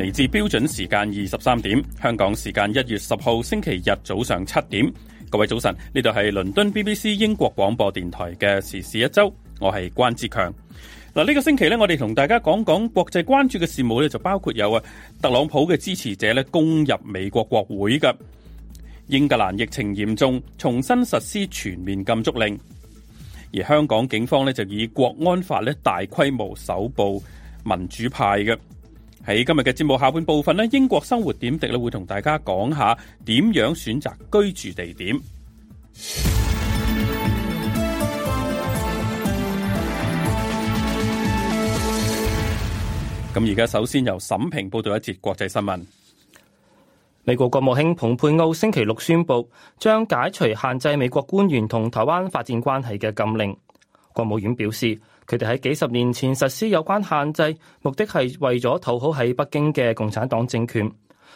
嚟自標準時間二十三點，香港時間一月十號星期日早上七點。各位早晨，呢度係倫敦 BBC 英國廣播電台嘅時事一周，我係關志強。嗱，呢個星期咧，我哋同大家講講國際關注嘅事務咧，就包括有啊特朗普嘅支持者咧攻入美國國會嘅，英格蘭疫情嚴重，重新實施全面禁足令，而香港警方咧就以國安法咧大規模搜捕民主派嘅。喺今日嘅節目下半部分咧，英國生活點滴咧會同大家講下點樣選擇居住地點。咁而家首先由沈平報道一節國際新聞。美國國務卿蓬佩奧星期六宣布，將解除限制美國官員同台灣發展關係嘅禁令。國務院表示。佢哋喺幾十年前實施有關限制，目的係為咗討好喺北京嘅共產黨政權。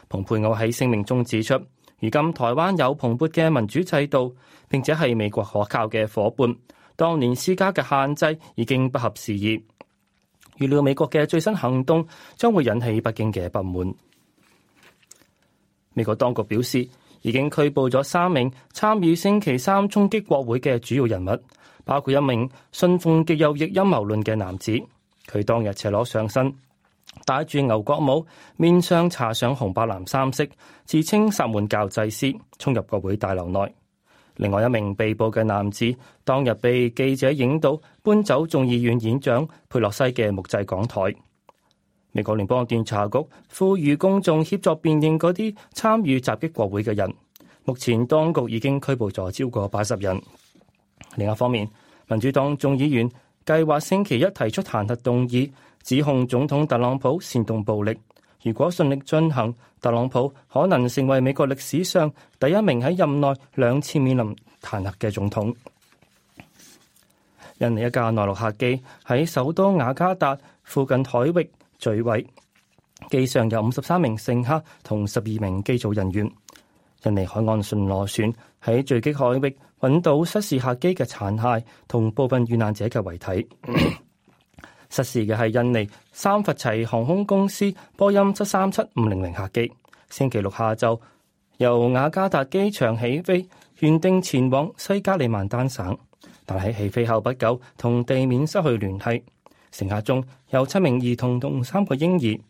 蓬佩奧喺聲明中指出，如今台灣有蓬勃嘅民主制度，並且係美國可靠嘅夥伴。當年施加嘅限制已經不合時宜。預料美國嘅最新行動將會引起北京嘅不滿。美國當局表示，已經拘捕咗三名參與星期三衝擊國會嘅主要人物。包括一名信奉極右翼陰謀論嘅男子，佢當日赤裸上身，帶住牛角帽，面上搽上紅白藍三色，自稱薩滿教祭師，衝入國會大樓內。另外一名被捕嘅男子，當日被記者影到搬走眾議院議長佩洛西嘅木製講台。美國聯邦調查局呼籲公眾協助辨認嗰啲參與襲擊國會嘅人。目前當局已經拘捕咗超過八十人。另一方面，民主黨眾議員計劃星期一提出彈劾動議，指控總統特朗普煽動暴力。如果順利進行，特朗普可能成為美國歷史上第一名喺任內兩次面臨彈劾嘅總統。印尼一架內陸客機喺首都雅加達附近海域墜毀，機上有五十三名乘客同十二名機組人員。印尼海岸巡邏船喺墜機海域。搵到失事客機嘅殘骸同部分遇難者嘅遺體。 失事嘅係印尼三佛齊航空公司波音七三七五零零客機，星期六下晝由雅加達機場起飛，原定前往西加里曼丹省，但喺起飛後不久同地面失去聯繫。乘客中有七名兒童同三個嬰兒。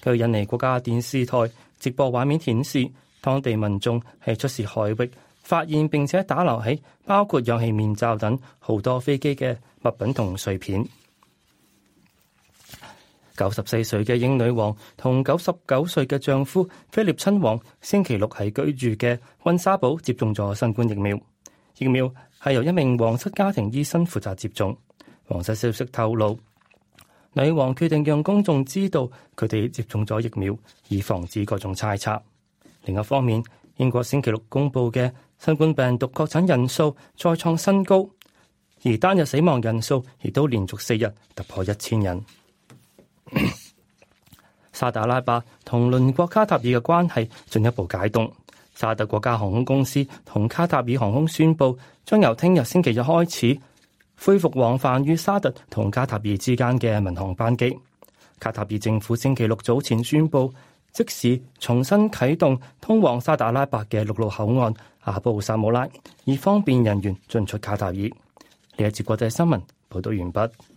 據印尼國家電視台直播畫面顯示，當地民眾係出事海域，發現並且打撈起，包括氧氣面罩等好多飛機嘅物品同碎片。九十四歲嘅英女王同九十九歲嘅丈夫菲臘親王星期六係居住嘅溫莎堡接種咗新冠疫苗，疫苗係由一名皇室家庭醫生負責接種。皇室消息透露，女王決定讓公眾知道佢哋接種咗疫苗，以防止各種猜測。另一方面，英國星期六公布嘅。新冠病毒確診人數再創新高，而單日死亡人數亦都連續四日突破一千人。 沙特阿拉伯同鄰國卡塔爾嘅關係進一步解凍，沙特國家航空公司同卡塔爾航空宣佈，將由聽日星期日開始恢復往返於沙特同卡塔爾之間嘅民航班機。卡塔爾政府星期六早前宣佈。即使重新啟動通往沙特阿拉伯嘅陸路口岸阿布薩姆拉，以方便人員進出卡塔爾。呢一節國際新聞報道完畢。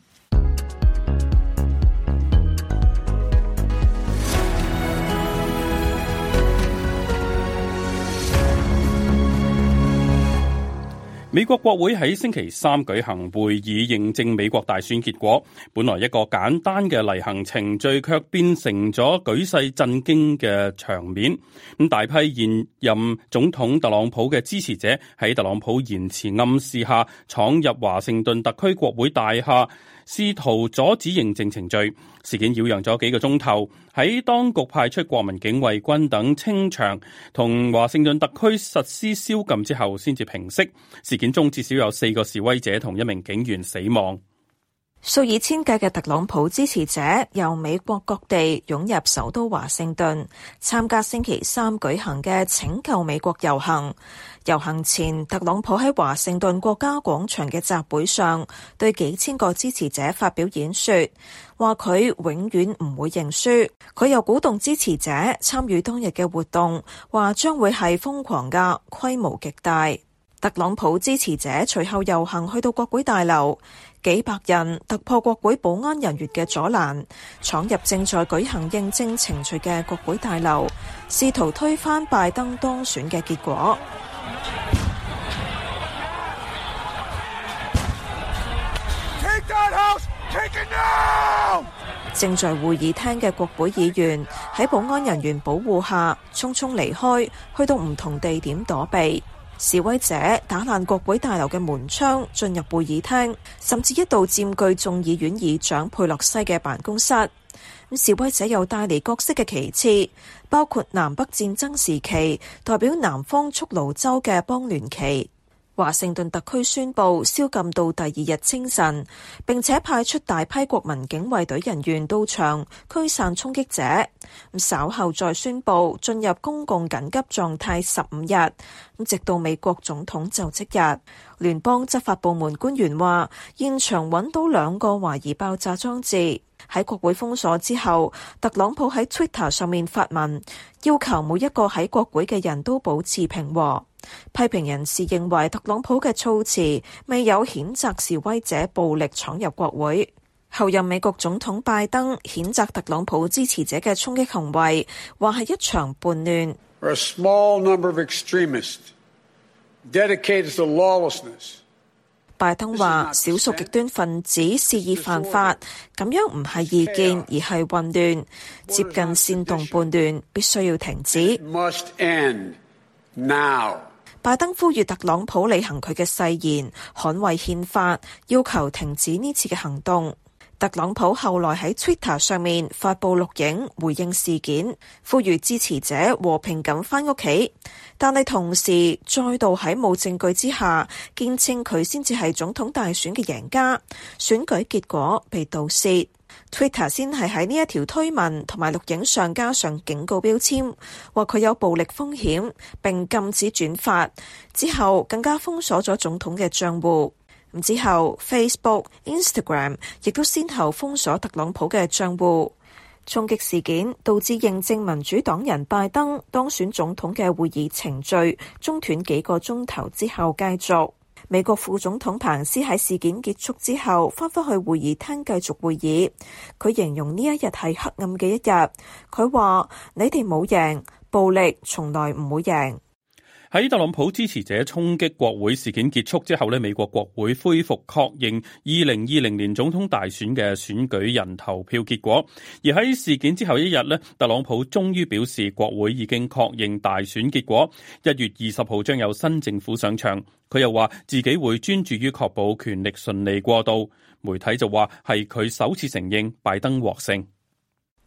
美國國會喺星期三舉行會議，認證美國大選結果。本來一個簡單嘅例行程序，卻變成咗舉世震驚嘅場面。咁大批現任總統特朗普嘅支持者喺特朗普言辭暗示下，闖入華盛頓特區國會大廈。試圖阻止認證程序，事件擾攘咗幾個鐘頭，喺當局派出國民警衛軍等清場，同華盛頓特區實施宵禁之後，先至平息。事件中至少有四個示威者同一名警員死亡。數以千計嘅特朗普支持者由美國各地湧入首都華盛頓，參加星期三舉行嘅拯救美國遊行。遊行前，特朗普喺華盛頓國家廣場嘅集會上，對幾千個支持者發表演說，話佢永遠唔會認輸。佢又鼓動支持者參與當日嘅活動，話將會係瘋狂嘅，規模極大。特朗普支持者隨後遊行去到國會大樓。幾百人突破國會保安人員嘅阻攔，闖入正在舉行認證程序嘅國會大樓，試圖推翻拜登當選嘅結果。正在會議廳嘅國會議員，喺保安人員保護下，匆匆離開，去到唔同地點躲避。示威者打爛國會大樓嘅門窗，進入會議廳，甚至一度占據眾議院議長佩洛西嘅辦公室。示威者又帶嚟各式嘅旗幟，包括南北戰爭時期代表南方蓄奴州嘅邦聯旗。華盛頓特區宣佈宵禁到第二日清晨，並且派出大批國民警衛隊人員到場驅散衝擊者。稍後再宣佈進入公共緊急狀態十五日，直到美國總統就職日。聯邦執法部門官員話，現場揾到兩個懷疑爆炸裝置。喺國會封鎖之後，特朗普喺 Twitter 上面發文要求每一個喺國會嘅人都保持平和。批評人士認為特朗普嘅措辭未有譴責示威者暴力闖入國會。後任美國總統拜登譴責特朗普支持者嘅衝擊行為，話係一場叛亂。A small number of extremists dedicated to lawlessness. 拜登話：少數極端分子肆意犯法，咁樣唔係意見而係混亂，接近煽動叛亂，必須要停止。拜登呼籲特朗普履行佢嘅誓言，捍衛憲法，要求停止呢次嘅行動。特朗普後來喺 Twitter 上面發布錄影回應事件，呼籲支持者和平咁返屋企，但係同時再度喺冇證據之下堅稱佢先至係總統大選嘅贏家，選舉結果被盜竊。Twitter 先係喺呢一條推文同埋錄影上加上警告標籤，話佢有暴力風險，並禁止轉發。之後更加封鎖咗總統嘅賬戶。之後 Facebook、Instagram 亦都先後封鎖特朗普嘅賬戶。衝擊事件導致認證民主黨人拜登當選總統嘅會議程序中斷幾個鐘頭，之後繼續。美國副總統彭斯喺事件結束之後，翻返去會議廳繼續會議。佢形容呢一日係黑暗嘅一日。佢話：你哋冇贏，暴力從來唔會贏。喺特朗普支持者衝擊國會事件結束之後咧，美國國會恢復確認二零二零年總統大選嘅選舉人投票結果。而喺事件之後一日咧，特朗普終於表示國會已經確認大選結果，一月二十號將有新政府上場。佢又話自己會專注於確保權力順利過渡。媒體就話係佢首次承認拜登獲勝。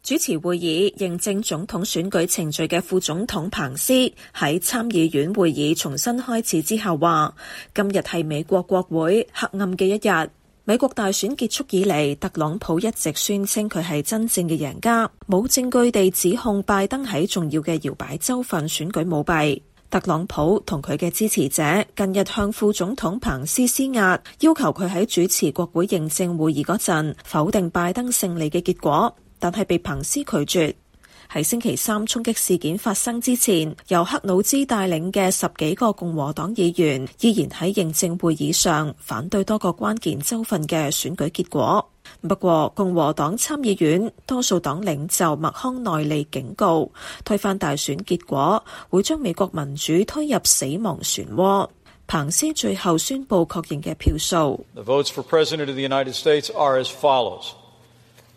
主持會議認證總統選舉程序嘅副總統彭斯喺參議院會議重新開始之後話：今日係美國國會黑暗嘅一日。美國大選結束以嚟，特朗普一直宣稱佢係真正嘅贏家，冇證據地指控拜登喺重要嘅搖擺州份選舉舞弊。特朗普同佢嘅支持者近日向副總統彭斯施壓，要求佢喺主持國會認證會議嗰陣否定拜登勝利嘅結果。但係被彭斯拒絕，喺星期三衝擊事件發生之前，由克魯茲帶領嘅十幾個共和黨議員依然喺認證會議上反對多個關鍵州份嘅選舉結果。不過，共和黨參議院多數黨領袖麥康內利警告，推翻大選結果會將美國民主推入死亡漩渦。彭斯最後宣布確認嘅票數。The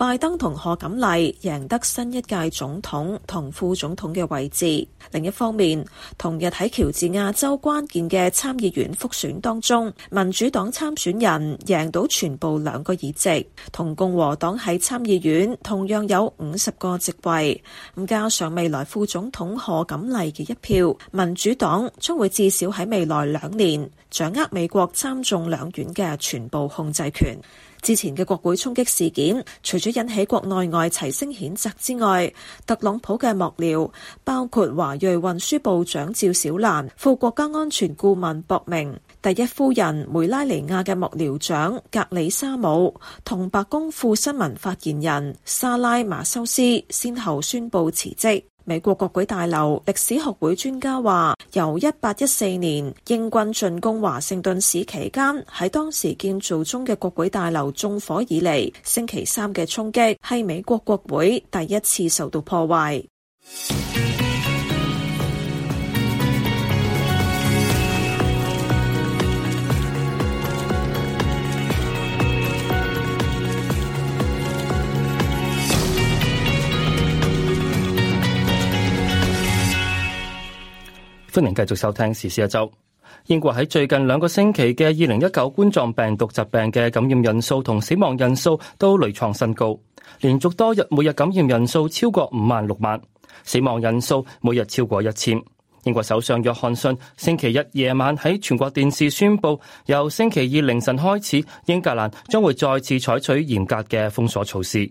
拜登同賀錦麗贏得新一屆總統同副總統嘅位置。另一方面，同日喺喬治亞州關鍵嘅參議員複選當中，民主黨參選人贏到全部兩個議席，同共和黨喺參議院同樣有五十個席位。咁加上未來副總統賀錦麗嘅一票，民主黨將會至少喺未來兩年掌握美國參眾兩院嘅全部控制權。之前嘅國會衝擊事件，除咗引起國內外齊聲譴責之外，特朗普嘅幕僚，包括華裔運輸部長趙小蘭，副國家安全顧問博明、第一夫人梅拉尼亞嘅幕僚長格里沙姆同白宮副新聞發言人沙拉馬修斯，先後宣布辭職。美國國會大樓歷史學會專家話：由一八一四年英軍進攻華盛頓市期間喺當時建造中嘅國會大樓縱火以嚟，星期三嘅衝擊係美國國會第一次受到破壞。歡迎繼續收聽時事一周。英國喺最近兩個星期嘅二零一九冠狀病毒疾病嘅感染人數同死亡人數都屢創新高，連續多日每日感染人數超過五萬六萬，死亡人數每日超過一千。英國首相約翰遜星期一夜晚喺全國電視宣布，由星期二凌晨開始，英格蘭將會再次採取嚴格嘅封鎖措施。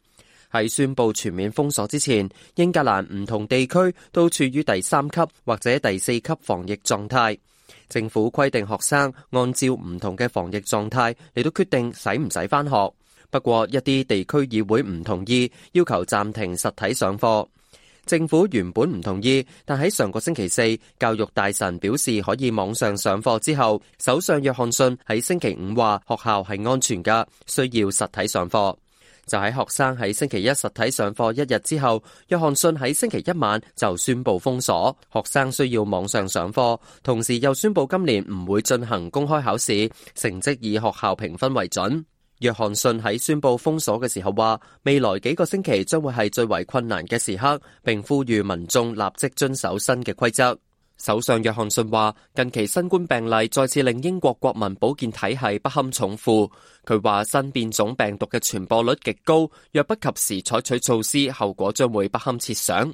喺宣布全面封鎖之前，英格蘭唔同地區都處於第三級或者第四級防疫狀態。政府規定學生按照唔同嘅防疫狀態嚟到決定使唔使翻學。不過一啲地區議會唔同意，要求暫停實體上課。政府原本唔同意，但喺上個星期四，教育大臣表示可以網上上課之後，首相約翰遜喺星期五話學校係安全噶，需要實體上課。就喺學生喺星期一實體上課一日之後，約翰遜喺星期一晚就宣布封鎖，學生需要網上上課，同時又宣布今年唔會進行公開考試，成績以學校評分為準。約翰遜喺宣布封鎖嘅時候話，未來幾個星期將會係最為困難嘅時刻，並呼籲民眾立即遵守新嘅規則。首相約翰遜話：近期新冠病例再次令英國國民保健體係不堪重負。佢話新變種病毒嘅傳播率極高，若不及時採取措施，後果將會不堪設想。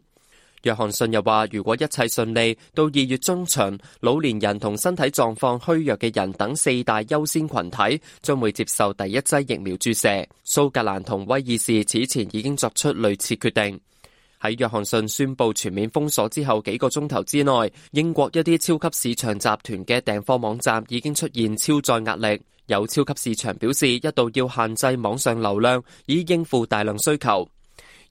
約翰遜又話：如果一切順利，到二月中旬，老年人同身體狀況虛弱嘅人等四大優先群體將會接受第一劑疫苗注射。蘇格蘭同威爾士此前已經作出類似決定。喺約翰遜宣布全面封鎖之後幾個鐘頭之內，英國一啲超級市場集團嘅訂貨網站已經出現超載壓力，有超級市場表示一度要限制網上流量，以應付大量需求。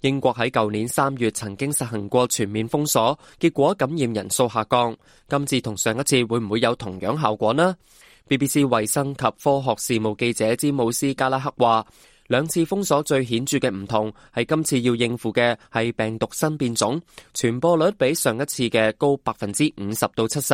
英國喺舊年三月曾經實行過全面封鎖，結果感染人數下降，今次同上一次會唔會有同樣效果呢？BBC 衛生及科學事務記者詹姆斯加拉克話。兩次封鎖最顯著嘅唔同，係今次要應付嘅係病毒新變種傳播率比上一次嘅高百分之五十到七十。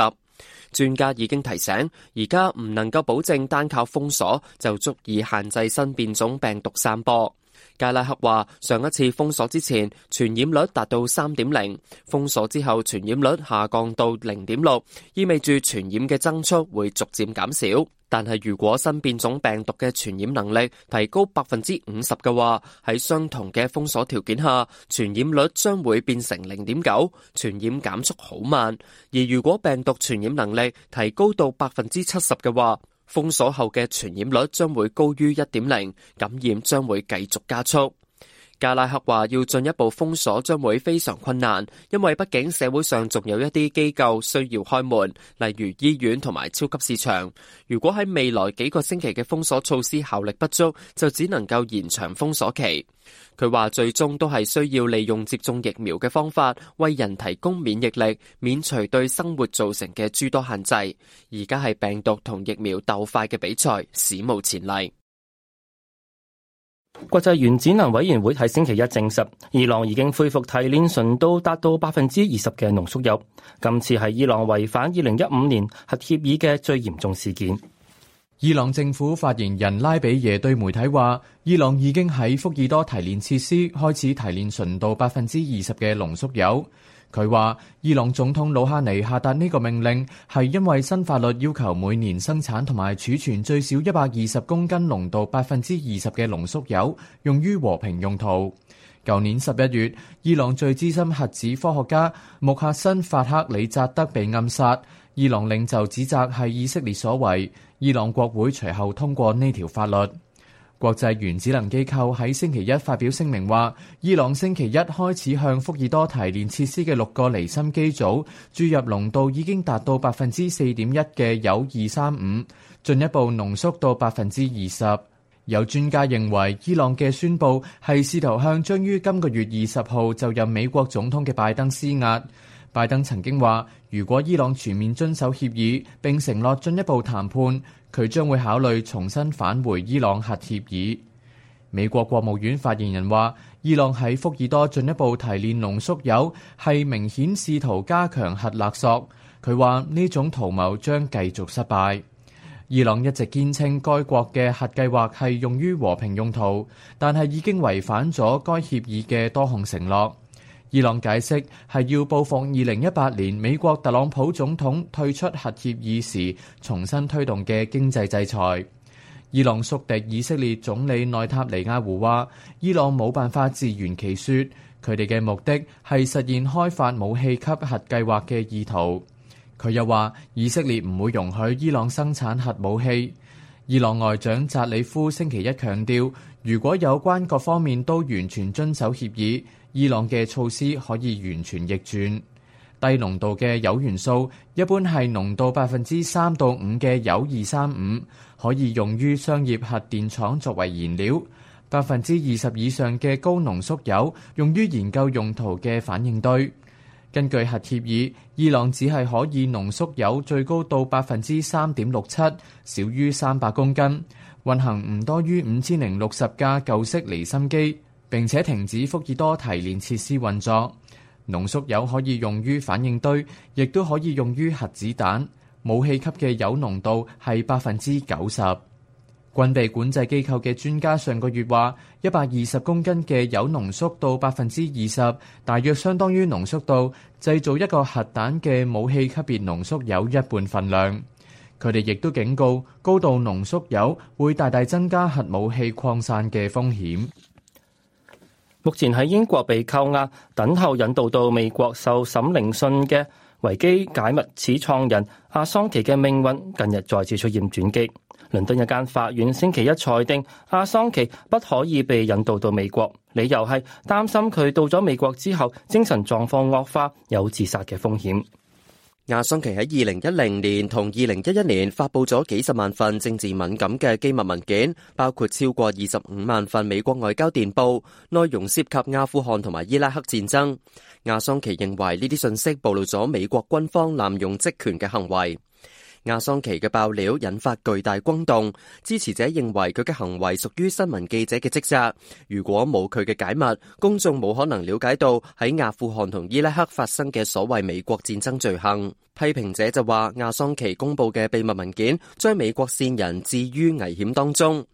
專家已經提醒，而家唔能夠保證單靠封鎖就足以限制新變種病毒散播。加拉克話：上一次封鎖之前，傳染率達到三點零；封鎖之後，傳染率下降到零點六，意味住傳染嘅增速會逐漸減少。但係如果新變種病毒嘅傳染能力提高百分之五十嘅話，喺相同嘅封鎖條件下，傳染率將會變成零點九，傳染減速好慢。而如果病毒傳染能力提高到百分之七十嘅話，封鎖後嘅傳染率將會高於一點零，感染將會繼續加速。加拉克話要進一步封鎖將會非常困難，因為畢竟社會上仲有一啲機構需要開門，例如醫院同埋超級市場。如果喺未來幾個星期的封鎖措施效力不足，就只能夠延長封鎖期。佢話最終都係需要利用接種疫苗的方法，為人提供免疫力，免除對生活造成的諸多限制。而家係病毒和疫苗鬥快的比賽，史無前例。國際原子能委員會喺星期一證實，伊朗已經恢復提煉純度達到百分之二十嘅濃縮鈾。今次係伊朗違反二零一五年核協議嘅最嚴重事件。伊朗政府發言人拉比耶對媒體話，伊朗已經喺福爾多提煉設施開始提煉純度百分之二十嘅濃縮鈾。佢話，伊朗總統魯哈尼下達呢個命令係因為新法律要求每年生產同埋儲存最少一百二十公斤濃度百分之二十嘅濃縮鈾，用於和平用途。舊年十一月，伊朗最資深核子科學家穆克辛法克里扎德被暗殺，伊朗領袖指責係以色列所為。伊朗國會隨後通過呢條法律。國際原子能機構喺星期一發表聲明話，伊朗星期一開始向福爾多提煉設施嘅六個離心機組注入濃度已經達到百分之四點一嘅鈾二三五，進一步濃縮到百分之二十。有專家認為，伊朗嘅宣佈係試圖向將於今個月二十號就任美國總統嘅拜登施壓。拜登曾經話，如果伊朗全面遵守協議並承諾進一步談判，佢將會考慮重新返回伊朗核協議。美國國務院發言人話，伊朗喺福爾多進一步提煉濃縮鈾，係明顯試圖加強核勒索。佢話呢種圖謀將繼續失敗。伊朗一直堅稱該國嘅核計劃係用於和平用途，但係已經違反咗該協議嘅多項承諾。伊朗解釋係要報復二零一八年美國特朗普總統退出核協議時重新推動嘅經濟制裁。伊朗宿敵以色列總理內塔尼亞胡話：伊朗冇辦法自圓其説，佢哋嘅目的係實現開發武器級核計劃嘅意圖。佢又話：以色列唔會容許伊朗生產核武器。伊朗外長扎里夫星期一強調：如果有關各方面都完全遵守協議。伊朗嘅措施可以完全逆轉。低濃度嘅鈾元素一般係濃度百分之三到五嘅鈾二三五，35，可以用於商業核電廠作為燃料。百分之二十以上嘅高濃縮鈾用於研究用途嘅反應堆。根據核協議，伊朗只係可以濃縮鈾最高到百分之三點六七，少於三百公斤，運行唔多於五千零六十架舊式離心機。並且停止福爾多提煉設施運作。濃縮鈾可以用於反應堆，亦都可以用於核子彈。武器級嘅鈾濃度係百分之九十。軍備管制機構嘅專家上個月話，一百二十公斤嘅鈾濃縮到百分之二十，大約相當於濃縮到製造一個核彈嘅武器級別濃縮鈾一半份量。佢哋亦都警告，高度濃縮鈾會大大增加核武器擴散嘅風險。目前喺英國被扣押，等候引渡到美國受審聆訊嘅維基解密始創人阿桑奇嘅命運近日再次出現轉機。倫敦一間法院星期一裁定，阿桑奇不可以被引渡到美國，理由係擔心佢到咗美國之後精神狀況惡化，有自殺嘅風險。亞桑奇喺二零一零年同二零一一年發布咗幾十萬份政治敏感嘅機密文件，包括超過二十五萬份美國外交電報，內容涉及阿富汗同埋伊拉克戰爭。亞桑奇認為呢啲信息暴露咗美國軍方濫用職權嘅行為。阿桑奇嘅爆料引發巨大轟動，支持者認為佢嘅行為屬於新聞記者嘅職責。如果冇佢嘅解密，公眾冇可能了解到喺阿富汗同伊拉克發生嘅所謂美國戰爭罪行。批評者就話，阿桑奇公布嘅秘密文件將美國線人置於危險當中。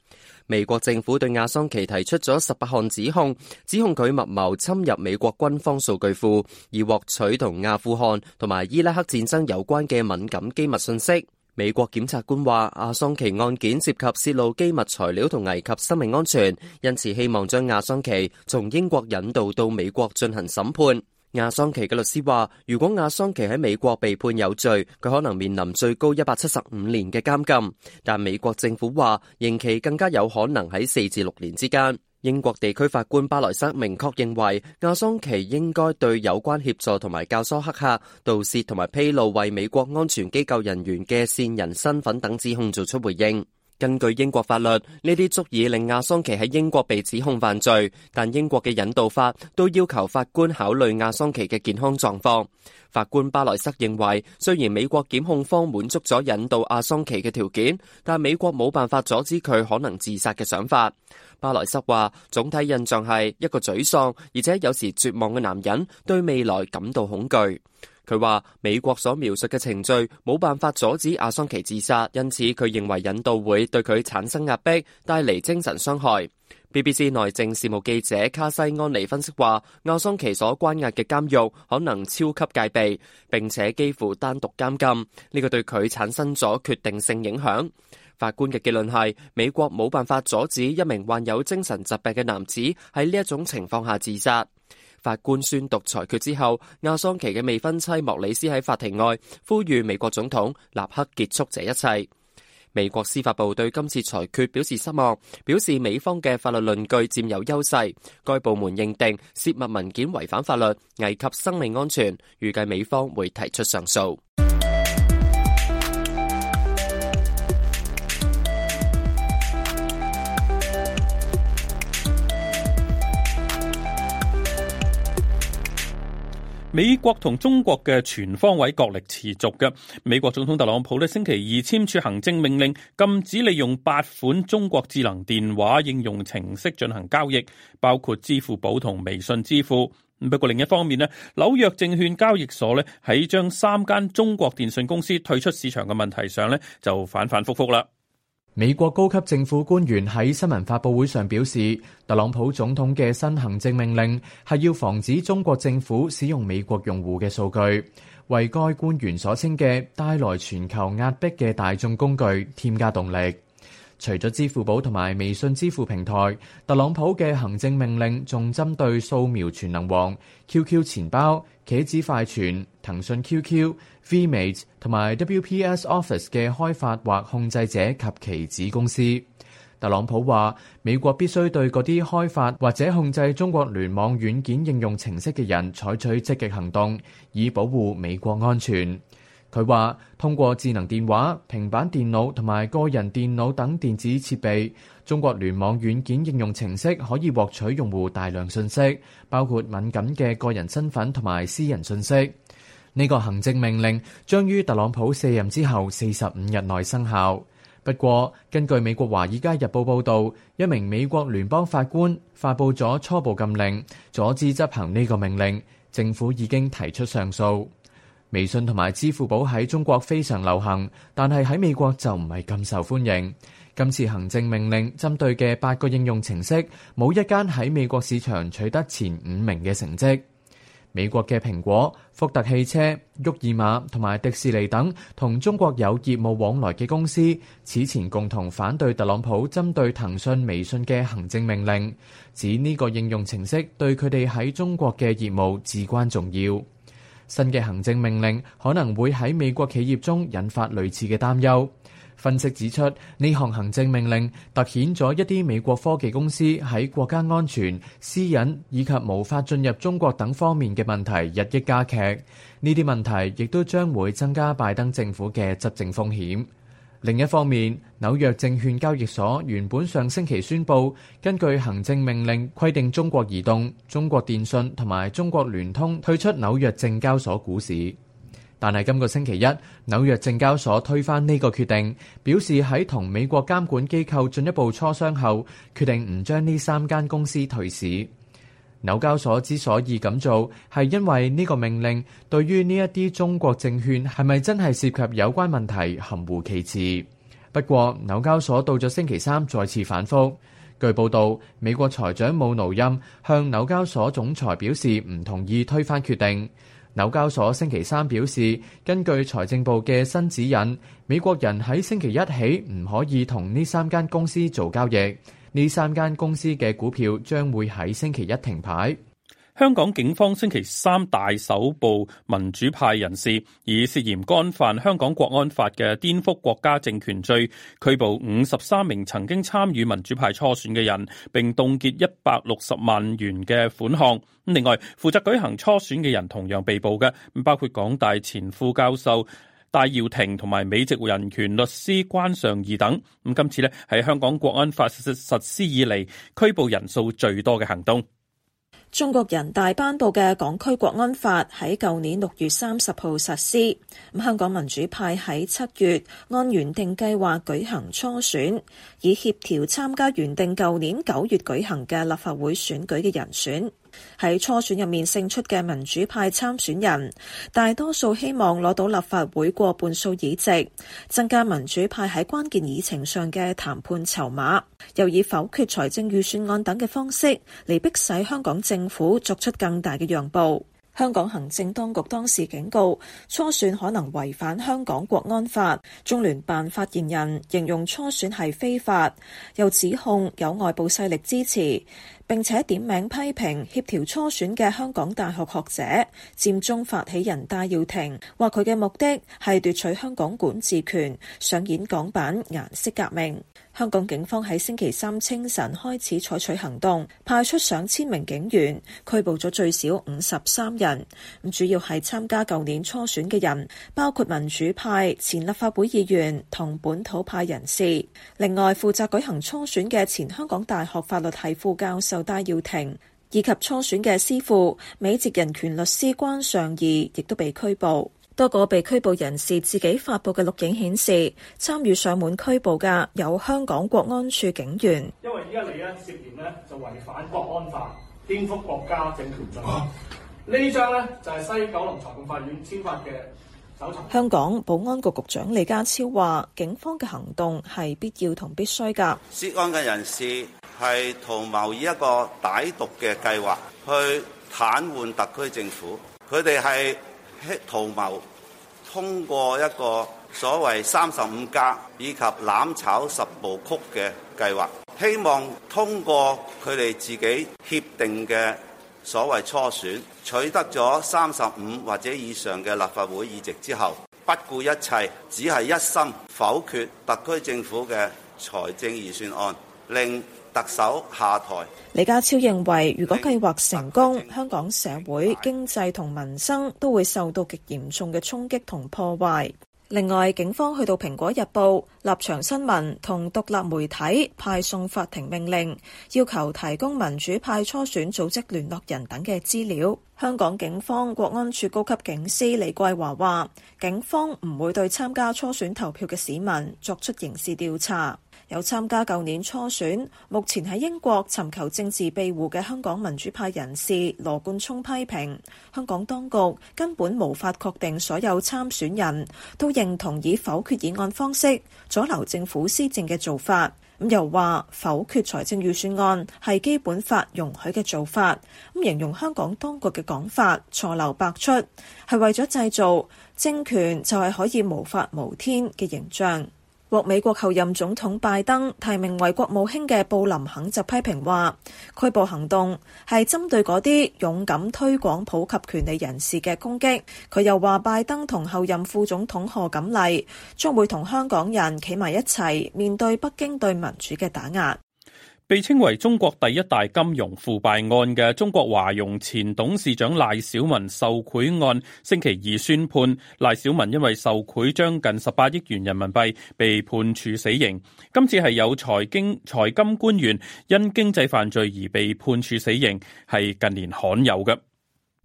美國政府對阿桑奇提出咗十八項指控，指控佢密謀侵入美國軍方數據庫，以獲取同阿富汗同埋伊拉克戰爭有關嘅敏感機密信息。美國檢察官話，阿桑奇案件涉及洩露機密材料同危及生命安全，因此希望將阿桑奇從英國引渡到美國進行審判。亞桑奇嘅律師話，如果亞桑奇喺美國被判有罪，佢可能面臨最高一百七十五年嘅監禁。但美國政府話，刑期更加有可能喺四至六年之間。英國地區法官巴萊塞明確認為，亞桑奇應該對有關協助同埋教唆黑客盜竊同埋披露為美國安全機構人員嘅線人身份等指控作出回應。根據英國法律，呢啲足以令亞桑奇喺英國被指控犯罪，但英國嘅引渡法都要求法官考慮亞桑奇嘅健康狀況。法官巴萊斯認為，雖然美國檢控方滿足咗引渡亞桑奇嘅條件，但美國冇辦法阻止佢可能自殺嘅想法。巴萊斯話，總體印象是一個沮喪，而且有時絕望嘅男人，對未來感到恐懼。佢話：美國所描述嘅程序冇辦法阻止阿桑奇自殺，因此佢認為引渡會對佢產生壓迫，帶嚟精神傷害。BBC 內政事務記者卡西安尼分析話：阿桑奇所關押嘅監獄可能超級戒備，並且幾乎單獨監禁，呢、這個對佢產生咗決定性影響。法官嘅結論係：美國冇辦法阻止一名患有精神疾病嘅男子喺呢一種情況下自殺。法官宣讀裁決之後，亞桑奇嘅未婚妻莫里斯喺法庭外呼籲美國總統立刻結束這一切。美國司法部對今次裁決表示失望，表示美方嘅法律論據佔有優勢。該部門認定泄密文件違反法律，危及生命安全，預計美方會提出上訴。美國同中國嘅全方位角力持續嘅，美國總統特朗普咧星期二簽署行政命令，禁止利用八款中國智能電話應用程式進行交易，包括支付寶同微信支付。不過另一方面咧，紐約證券交易所咧喺將三間中國電信公司退出市場嘅問題上咧，就反反复覆啦。美國高級政府官員喺新聞發佈會上表示，特朗普總統嘅新行政命令係要防止中國政府使用美國用戶嘅數據，為該官員所稱嘅帶來全球壓迫嘅大眾工具添加動力。除咗支付寶同埋微信支付平台，特朗普嘅行政命令仲針對掃描全能王、QQ 錢包、茄子快傳、騰訊 QQ、VMate 同埋 WPS Office 嘅開發或控制者及其子公司。特朗普話：美國必須對嗰啲開發或者控制中國聯網軟件應用程式嘅人採取積極行動，以保護美國安全。佢話：通過智能電話、平板電腦同埋個人電腦等電子設備，中國聯網軟件應用程式可以獲取用戶大量信息，包括敏感嘅個人身份同埋私人信息。呢個行政命令將於特朗普卸任之後四十五日內生效。不過，根據美國華爾街日報報導，一名美國聯邦法官發布咗初步禁令，阻止執行呢個命令。政府已經提出上訴。微信同埋支付寶喺中國非常流行，但係喺美國就唔係咁受歡迎。今次行政命令針對嘅八個應用程式，冇一間喺美國市場取得前五名嘅成績。美國嘅蘋果、福特汽車、沃爾瑪同埋迪士尼等同中國有業務往來嘅公司，此前共同反對特朗普針對騰訊、微信嘅行政命令，指呢個應用程式對佢哋喺中國嘅業務至關重要。新嘅行政命令可能會喺美國企業中引發類似嘅擔憂。分析指出，呢項行政命令凸顯咗一啲美國科技公司喺國家安全、私隱以及無法進入中國等方面嘅問題日益加劇。呢啲問題亦都將會增加拜登政府嘅執政風險。另一方面，紐約證券交易所原本上星期宣布，根據行政命令規定，中國移動、中國電信同埋中國聯通退出紐約證交所股市。但係今個星期一，紐約證交所推翻呢個決定，表示喺同美國監管機構進一步磋商後，決定唔將呢三間公司退市。紐交所之所以咁做，係因為呢個命令對於呢一啲中國證券係咪真係涉及有關問題，含糊其詞。不過紐交所到咗星期三再次反覆。據報道，美國財長姆努欽向紐交所總裁表示唔同意推翻決定。紐交所星期三表示，根據財政部嘅新指引，美國人喺星期一起唔可以同呢三間公司做交易。呢三間公司嘅股票將會喺星期一停牌。香港警方星期三大搜捕民主派人士，以涉嫌干犯香港國安法嘅顛覆國家政權罪，拘捕五十三名曾經參與民主派初選嘅人，並凍結一百六十萬元嘅款項。另外，負責舉行初選嘅人同樣被捕嘅，包括港大前副教授。戴耀廷同埋美籍人權律師關尚義等，咁今次呢，係香港國安法實施，實施以嚟拘捕人數最多嘅行動。中國人大頒布嘅港區國安法喺舊年六月三十號實施，咁香港民主派喺七月按原定計劃舉行初選，以協調參加原定舊年九月舉行嘅立法會選舉嘅人選。喺初選入面勝出嘅民主派參選人，大多數希望攞到立法會過半數議席，增加民主派喺關鍵議程上嘅談判籌碼，又以否決財政預算案等嘅方式嚟迫使香港政府作出更大嘅讓步。香港行政當局當時警告，初選可能違反香港國安法。中聯辦發言人形容初選係非法，又指控有外部勢力支持。並且點名批評協調初選嘅香港大學學者、佔中發起人戴耀廷，話佢嘅目的係奪取香港管治權，上演港版顏色革命。香港警方喺星期三清晨開始採取行動，派出上千名警員，拘捕咗最少五十三人，主要係參加舊年初選嘅人，包括民主派前立法會議員同本土派人士，另外負責舉行初選嘅前香港大學法律系副教授，戴耀廷以及初選嘅師傅、美籍人權律師關尚義，亦都被拘捕。多個被拘捕人士自己發佈嘅錄影顯示，參與上門拘捕嘅有香港國安處警員。因為呢家你咧，涉嫌呢就違反國安法，顛覆國家政權罪。呢張呢就係西九龍裁判法院簽發嘅。香港保安局局長李家超話：警方嘅行動係必要同必須噶。涉案嘅人士係圖謀以一個歹毒嘅計劃去癱瘓特區政府。佢哋係圖謀通過一個所謂三十五格以及攬炒十部曲嘅計劃，希望通過佢哋自己協定嘅。所謂初選，取得咗三十五或者以上嘅立法會議席之後，不顧一切，只係一心否決特區政府嘅財政預算案，令特首下台。李家超認為，如果計劃成功，香港社會、經濟同民生都會受到極嚴重嘅衝擊同破壞。另外，警方去到《蘋果日報》、《立場新聞》同獨立媒體派送法庭命令，要求提供民主派初選組織聯絡人等嘅資料。香港警方國安處高級警司李桂華話，警方唔會對參加初選投票嘅市民作出刑事調查。有參加舊年初選，目前喺英國尋求政治庇護嘅香港民主派人士羅冠聰批評香港當局根本無法確定所有參選人都認同以否決議案方式阻撓政府施政嘅做法，咁又話否決財政預算案係基本法容許嘅做法，咁形容香港當局嘅講法錯漏百出，係為咗製造政權就係可以無法無天嘅形象。獲美國後任總統拜登提名為國務卿嘅布林肯就批評話：拘捕行動係針對嗰啲勇敢推廣普及權利人士嘅攻擊。佢又話：拜登同後任副總統賀錦麗將會同香港人企埋一齊，面對北京對民主嘅打壓。被稱為中國第一大金融腐敗案嘅中國華融前董事長賴小民受賄案，星期二宣判，賴小民因為受賄將近十八億元人民幣，被判處死刑。今次係有財經、財金官員因經濟犯罪而被判處死刑，係近年罕有嘅。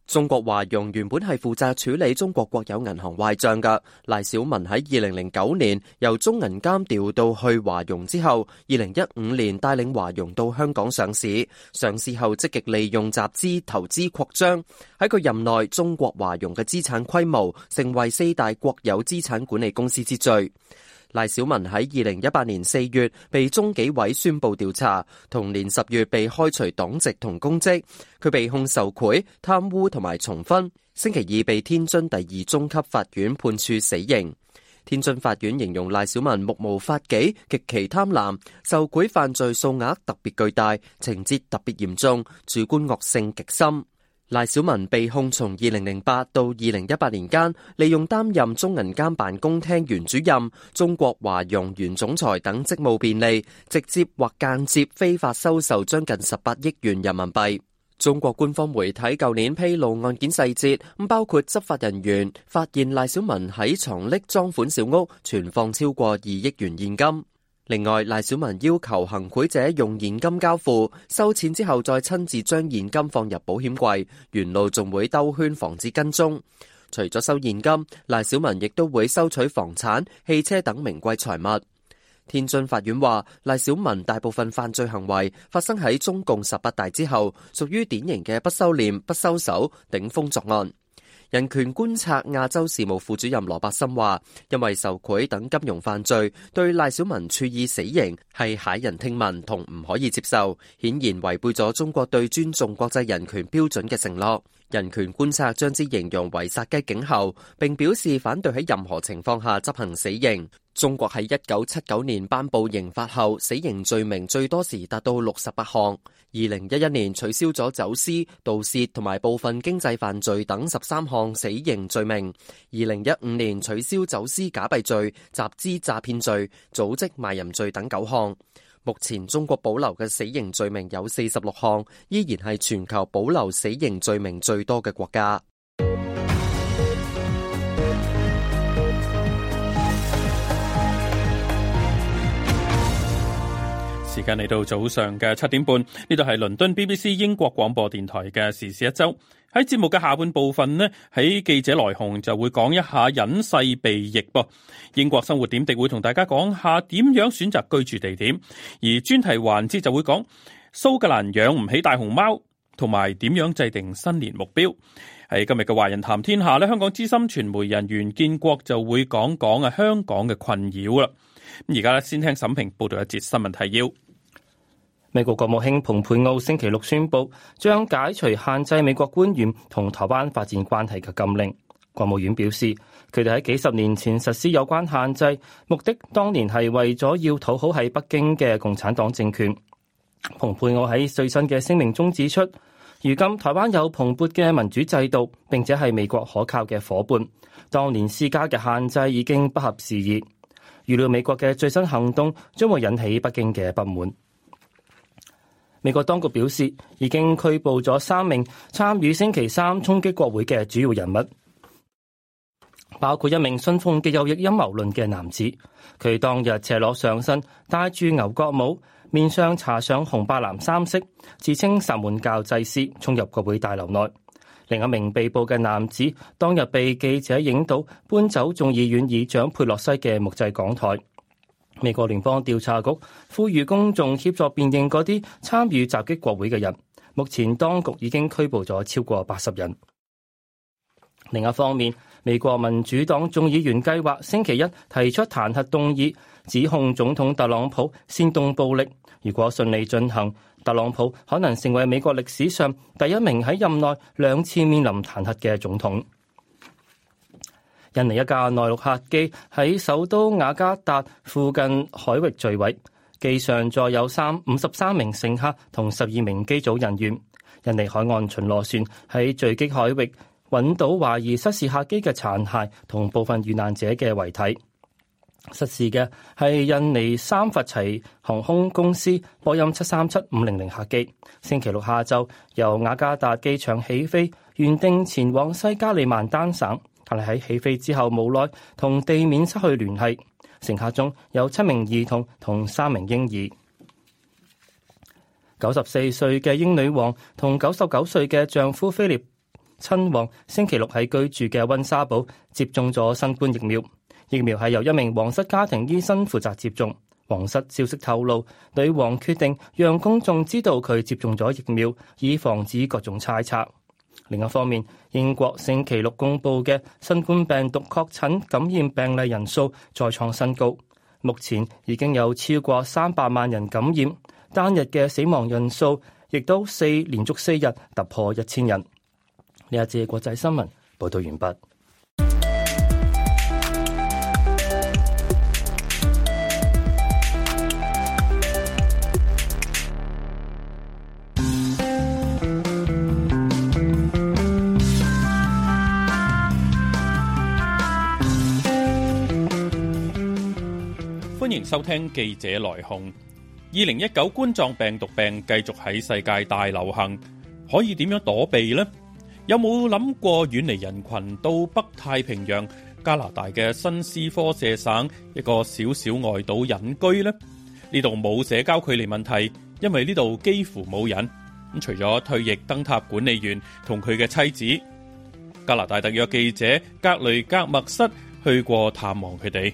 中國華融原本係負責處理中國國有銀行壞賬嘅。賴小民喺二零零九年由中銀監調到去華融之後，二零一五年帶領華融到香港上市。上市後積極利用集資投資擴張，喺佢任內，中國華融嘅資產規模成為四大國有資產管理公司之最。賴小民喺二零一八年四月被中紀委宣布調查，同年十月被開除黨籍同公職。佢被控受賄、貪污同埋重婚。星期二被天津第二中級法院判處死刑。天津法院形容賴小民目無法紀，極其貪婪，受賄犯罪數額特別巨大，情節特別嚴重，主觀惡性極深。賴小民被控從二零零八到二零一八年間，利用擔任中銀監辦公廳原主任、中國華融原總裁等職務便利，直接或間接非法收受將近十八億元人民幣。中國官方媒體舊年披露案件細節，咁包括執法人員發現賴小民喺藏匿贓款小屋存放超過二億元現金。另外，賴小民要求行賄者用現金交付，收錢之後再親自將現金放入保險櫃，沿路仲會兜圈防止跟蹤。除咗收現金，賴小民亦都會收取房產、汽車等名貴財物。天津法院話，賴小民大部分犯罪行為發生喺中共十八大之後，屬於典型嘅不收斂、不收手、頂風作案。人權觀察亞洲事務副主任羅伯森話，因為受賄等金融犯罪，對賴小民處以死刑，係駭人聽聞同唔可以接受，顯然違背咗中國對尊重國際人權標準嘅承諾。人權觀察將之形容為殺雞儆猴，並表示反對喺任何情況下執行死刑。中國喺一九七九年頒布刑法後，死刑罪名最多時達到六十八項。二零一一年取消咗走私、盜竊同埋部分經濟犯罪等十三項死刑罪名。二零一五年取消走私假幣罪、集資詐騙罪、組織賣淫罪等九項。目前中國保留嘅死刑罪名有四十六項，依然係全球保留死刑罪名最多嘅國家。時間嚟到早上嘅七點半，呢度係倫敦 BBC 英國廣播電台嘅時事一周。喺節目嘅下半部分呢，喺記者來鴻就會講一下隱世避疫噃。英國生活點滴會同大家講下點樣選擇居住地點，而專題環節就會講蘇格蘭養唔起大熊貓，同埋點樣制定新年目標。喺今日嘅華人談天下咧，香港資深傳媒人袁建國就會講講啊香港嘅困擾啦。而家咧先聽沈平報道一節新聞提要。美國國務卿蓬佩奧星期六宣佈，將解除限制美國官員同台灣發展關係嘅禁令。國務院表示，佢哋喺幾十年前實施有關限制，目的當年係為咗要討好喺北京嘅共產黨政權。蓬佩奧喺最新嘅聲明中指出，如今台灣有蓬勃嘅民主制度，並且係美國可靠嘅夥伴。當年施加嘅限制已經不合時宜，預料美國嘅最新行動將會引起北京嘅不滿。美國當局表示，已經拘捕咗三名參與星期三衝擊國會嘅主要人物，包括一名信奉極右翼陰謀論嘅男子，佢當日赤裸上身，戴住牛角帽，面上搽上紅白藍三色，自稱薩滿教祭師，衝入國會大樓內。另一名被捕嘅男子當日被記者影到搬走眾議院議長佩洛西嘅木製講台。美國聯邦調查局呼籲公眾協助辨認嗰啲參與襲擊國會嘅人。目前當局已經拘捕咗超過八十人。另一方面，美國民主黨眾議員計劃星期一提出彈劾動議，指控總統特朗普煽動暴力。如果順利進行，特朗普可能成為美國歷史上第一名喺任內兩次面臨彈劾嘅總統。印尼一架內陸客機喺首都雅加達附近海域墜毀，機上載有三五十三名乘客同十二名機組人員。印尼海岸巡邏船喺墜機海域揾到懷疑失事客機嘅殘骸同部分遇難者嘅遺體。失事嘅係印尼三佛齊航空公司波音七三七五零零客機，星期六下晝由雅加達機場起飛，原定前往西加里曼丹省,省。但係喺起飛之後，冇耐同地面失去聯繫。乘客中有七名兒童同三名嬰兒。九十四歲嘅英女王同九十九歲嘅丈夫菲臘親王，星期六喺居住嘅溫莎堡接種咗新冠疫苗。疫苗係由一名皇室家庭醫生負責接種。皇室消息透露，女王決定讓公眾知道佢接種咗疫苗，以防止各種猜測。另一方面，英國星期六公布嘅新冠病毒確診感染病例人數再創新高，目前已經有超過三百萬人感染，單日嘅死亡人數亦都四連續四日突破一千人。呢一節國際新聞報道完畢。收聽記者來鴻，二零一九冠狀病毒病繼續喺世界大流行，可以點樣躲避呢？有冇諗過遠離人群，到北太平洋加拿大嘅新斯科舍省一個小小外島隱居呢？呢度冇社交距離問題，因為呢度幾乎冇人。除咗退役燈塔管理員同佢嘅妻子，加拿大特約記者格雷格麥塞去過探望佢哋。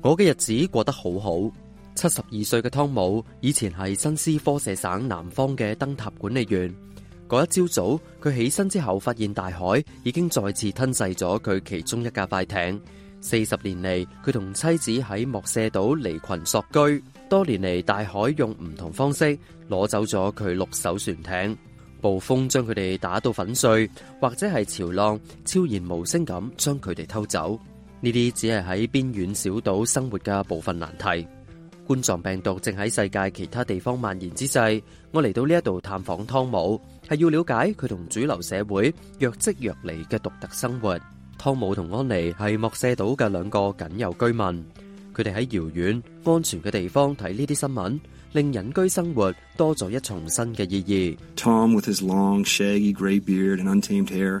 我嘅日子過得好好。七十二歲嘅湯姆以前係新斯科舍省南方嘅燈塔管理員。嗰一朝早，早，佢起身之後，發現大海已經再次吞噬咗佢其中一架快艇。四十年嚟，佢同妻子喺莫舍島離群索居。多年嚟，大海用唔同方式攞走咗佢六艘船艇。暴風將佢哋打到粉碎，或者係潮浪悄然無聲咁將佢哋偷走。呢啲只係喺邊遠小島生活嘅部分難題。冠狀病毒正喺世界其他地方蔓延之際，我嚟到呢一度探訪湯姆，係要了解佢同主流社會若即若離嘅獨特生活。湯姆同安妮係莫舍島嘅兩個僅有居民，佢哋喺遙遠、安全嘅地方睇呢啲新聞，令隱居生活多咗一重新嘅意義。Tom with his long, shaggy, grey beard and untamed hair.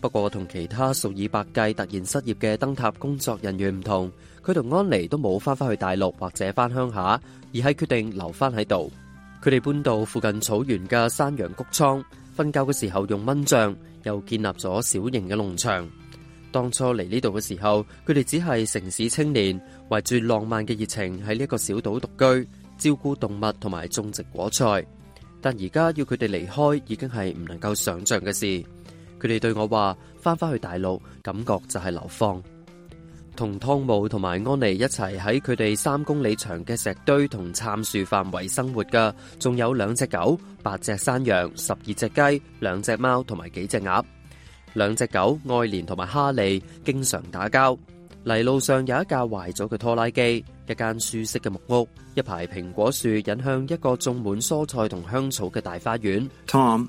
不過同其他數以百計突然失業嘅燈塔工作人員唔同，佢同安妮都冇返返去大陸或者返鄉下，而係決定留返喺度。佢哋搬到附近草原嘅山羊谷倉，瞓覺嘅時候用蚊帳，又建立咗小型嘅農場。當初嚟呢度嘅時候，佢哋只係城市青年，懷住浪漫嘅熱情喺呢個小島獨居，照顧動物同埋種植果菜。但而家要佢哋離開，已經係唔能夠想象嘅事。佢哋對我話：翻返去大陸，感覺就係流放。同湯姆同埋安妮一齊喺佢哋三公里長嘅石堆同杉樹範圍生活嘅，仲有兩隻狗、八隻山羊、十二隻雞、兩隻貓同埋幾隻鴨。兩隻狗愛蓮同埋哈利經常打交。泥路上有一架壞咗嘅拖拉機，一間舒適嘅木屋，一排蘋果樹引向一個種滿蔬菜同香草嘅大花園。Tom。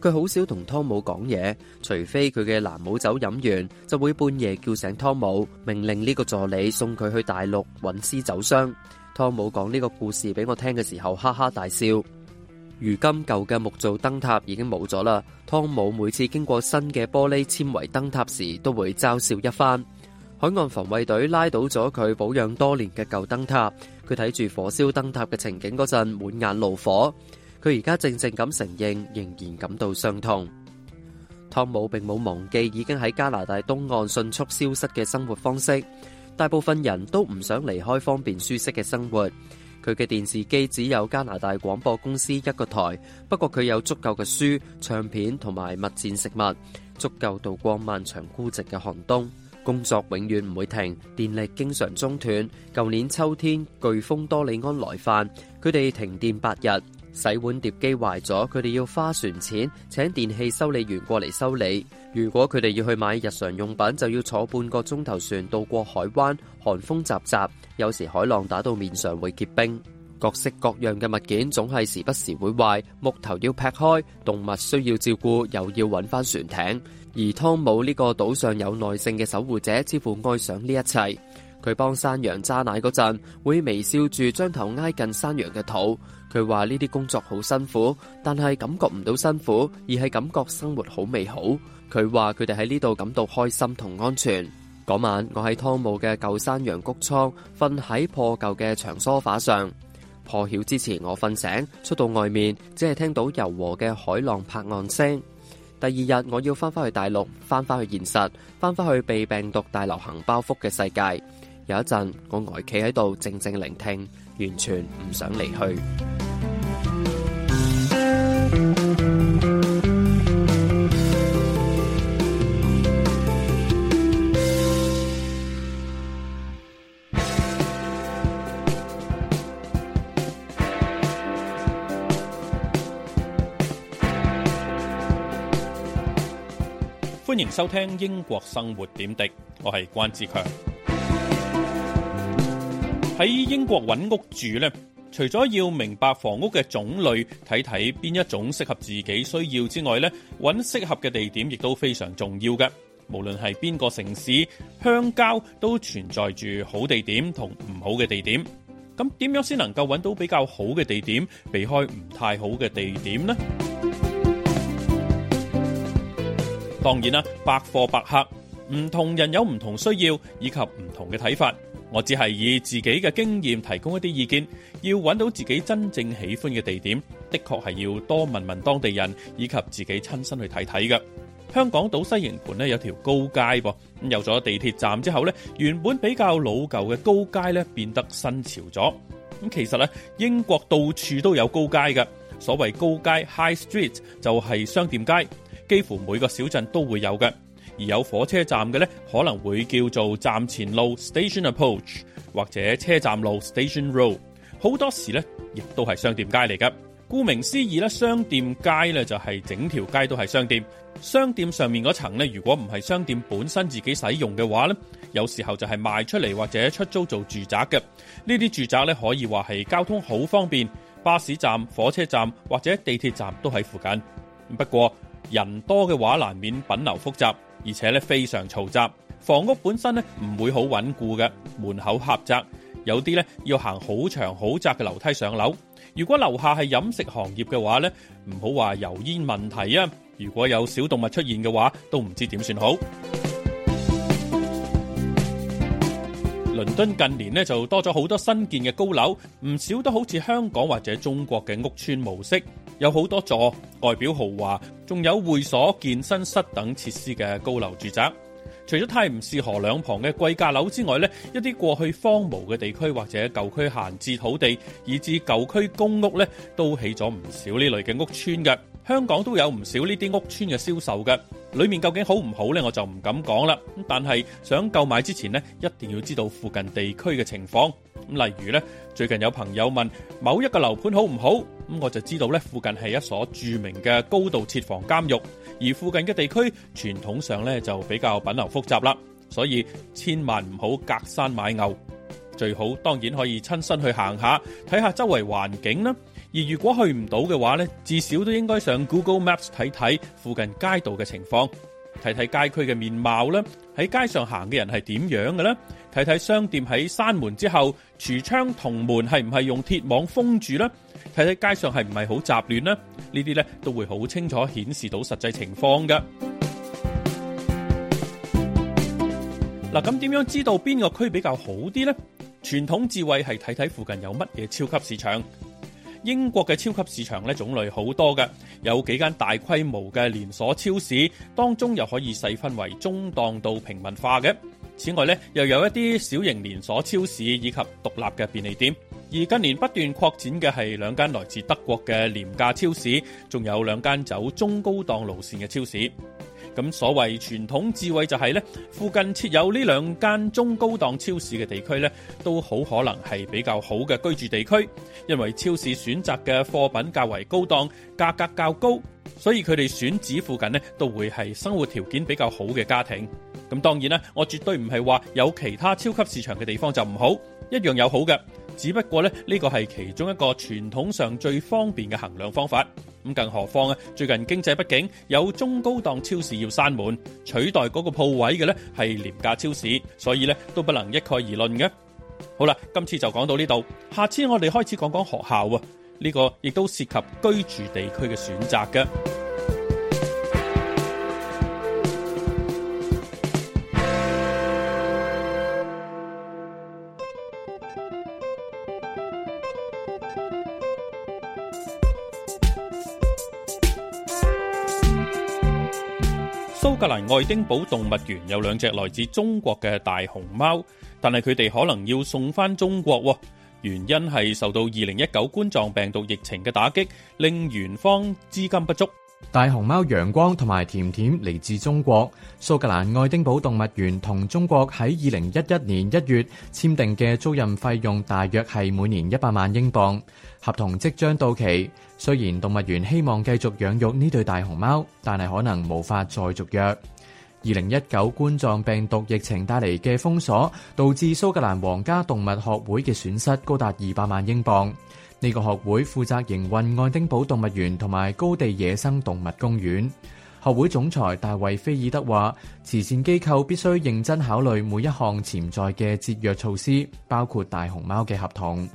佢好少同湯姆講嘢，除非佢嘅藍姆酒飲完，就會半夜叫醒湯姆，命令呢個助理送佢去大陸揾私酒商。湯姆講呢個故事俾我聽嘅時候，哈哈大笑。如今舊嘅木造燈塔已經冇咗啦，湯姆每次經過新嘅玻璃纖維燈塔時，都會嘲笑一番。海岸防衛隊拉倒咗佢保養多年嘅舊燈塔，佢睇住火燒燈塔嘅情景嗰陣，滿眼怒火。佢而家靜靜咁承認，仍然感到傷痛。湯姆並冇忘記已經喺加拿大東岸迅速消失嘅生活方式。大部分人都唔想離開方便舒適嘅生活。佢嘅電視機只有加拿大廣播公司一個台，不過佢有足夠嘅書、唱片同埋物戰食物，足夠度過漫長孤寂嘅寒冬。工作永遠唔會停，電力經常中斷。舊年秋天，颶風多利安來犯，佢哋停電八日。洗碗碟機壞咗，佢哋要花船錢請電器修理員過嚟修理。如果佢哋要去買日常用品，就要坐半個鐘頭船渡過海灣，寒風習習，有時海浪打到面上會結冰。各式各樣嘅物件總係時不時會壞，木頭要劈開，動物需要照顧，又要揾翻船艇。而湯姆呢個島上有耐性嘅守護者，似乎愛上呢一切。佢幫山羊揸奶嗰陣，會微笑住將頭挨近山羊嘅肚。佢話：呢啲工作好辛苦，但係感覺唔到辛苦，而係感覺生活好美好。佢話：佢哋喺呢度感到開心同安全。嗰晚我喺湯姆嘅舊山羊谷倉瞓喺破舊嘅長梳化上。破曉之前我瞓醒，出到外面，只係聽到柔和嘅海浪拍岸聲。第二日我要翻返去大陸，翻返去現實，翻返去被病毒大流行包覆嘅世界。有一陣我呆企喺度靜靜聆聽。完全唔想離去。歡迎收聽《英國生活點滴》，我係關之強。喺英國揾屋住呢，除咗要明白房屋嘅種類，睇睇邊一種適合自己需要之外呢，揾適合嘅地點亦都非常重要嘅。無論係邊個城市，鄉郊都存在住好地點同唔好嘅地點。咁點樣先能夠揾到比較好嘅地點，避開唔太好嘅地點呢？當然啦，百貨百客，唔同人有唔同需要，以及唔同嘅睇法。我只係以自己嘅經驗提供一啲意見，要揾到自己真正喜歡嘅地點，的確係要多問問當地人以及自己親身去睇睇嘅。香港島西營盤呢有條高街，咁有咗地鐵站之後呢，原本比較老舊嘅高街呢變得新潮咗。咁其實呢，英國到處都有高街嘅，所謂高街 （High Street） 就係商店街，幾乎每個小鎮都會有嘅。而有火車站嘅咧，可能會叫做站前路 （Station Approach） 或者車站路 （Station Road）。好多時咧，亦都係商店街嚟噶。顧名思義咧，商店街咧就係整條街都係商店。商店上面嗰層咧，如果唔係商店本身自己使用嘅話咧，有時候就係賣出嚟或者出租做住宅嘅。呢啲住宅咧可以話係交通好方便，巴士站、火車站或者地鐵站都喺附近。不過人多嘅話，難免品流複雜。而且咧非常嘈雜，房屋本身咧唔會好穩固嘅，門口狹窄，有啲咧要行好長好窄嘅樓梯上樓。如果樓下係飲食行業嘅話咧，唔好話油煙問題啊！如果有小動物出現嘅話，都唔知點算好。倫敦近年咧就多咗好多新建嘅高樓，唔少都好似香港或者中國嘅屋村模式，有好多座外表豪華，仲有會所、健身室等設施嘅高樓住宅。除咗泰晤士河兩旁嘅貴價樓之外呢，一啲過去荒蕪嘅地區或者舊區閒置土地，以至舊區公屋呢都起咗唔少呢類嘅屋村嘅。香港都有唔少呢啲屋邨嘅銷售嘅，裏面究竟好唔好呢？我就唔敢講啦。但係想購買之前呢，一定要知道附近地區嘅情況。例如呢，最近有朋友問某一個樓盤好唔好，咁我就知道呢附近係一所著名嘅高度設防監獄，而附近嘅地區傳統上呢就比較品流複雜啦。所以千萬唔好隔山買牛，最好當然可以親身去行下，睇下周圍環境啦。而如果去唔到嘅話咧，至少都應該上 Google Maps 睇睇附近街道嘅情況，睇睇街區嘅面貌啦。喺街上行嘅人係點樣嘅咧？睇睇商店喺閂門之後櫥窗同門係唔係用鐵網封住咧？睇睇街上係唔係好雜亂咧？呢啲咧都會好清楚顯示到實際情況㗎。嗱，咁點樣知道邊個區比較好啲呢？傳統智慧係睇睇附近有乜嘢超級市場。英國嘅超級市場咧種類好多嘅，有幾間大規模嘅連鎖超市，當中又可以細分為中檔到平民化嘅。此外咧，又有一啲小型連鎖超市以及獨立嘅便利店。而近年不斷擴展嘅係兩間來自德國嘅廉價超市，仲有兩間走中高檔路線嘅超市。咁所謂傳統智慧就係呢，附近設有呢兩間中高檔超市嘅地區呢，都好可能係比較好嘅居住地區，因為超市選擇嘅貨品較為高檔，價格較高，所以佢哋選址附近呢，都會係生活條件比較好嘅家庭。咁當然啦，我絕對唔係話有其他超級市場嘅地方就唔好，一樣有好嘅。只不過咧，呢個係其中一個傳統上最方便嘅衡量方法。咁更何況啊，最近經濟不景，有中高檔超市要閂門，取代嗰個鋪位嘅呢，係廉價超市，所以呢都不能一概而論嘅。好啦，今次就講到呢度，下次我哋開始講講學校啊，呢個亦都涉及居住地區嘅選擇嘅。愛丁堡動物園有兩隻來自中國嘅大熊貓，但係佢哋可能要送返中國，原因係受到二零一九冠狀病毒疫情嘅打擊，令園方資金不足。大熊貓陽光同埋甜甜嚟自中國。蘇格蘭愛丁堡動物園同中國喺二零一一年一月簽訂嘅租賃費用大約係每年一百萬英鎊，合同即將到期。雖然動物園希望繼續養育呢對大熊貓，但係可能無法再續約。二零一九冠狀病毒疫情帶嚟嘅封鎖，導致蘇格蘭皇家動物學會嘅損失高達二百萬英鎊。呢個學會負責營運愛丁堡動物園同埋高地野生動物公園。學會總裁大衛菲爾德話，慈善機構必須認真考慮每一項潛在嘅節約措施，包括大熊貓嘅合同。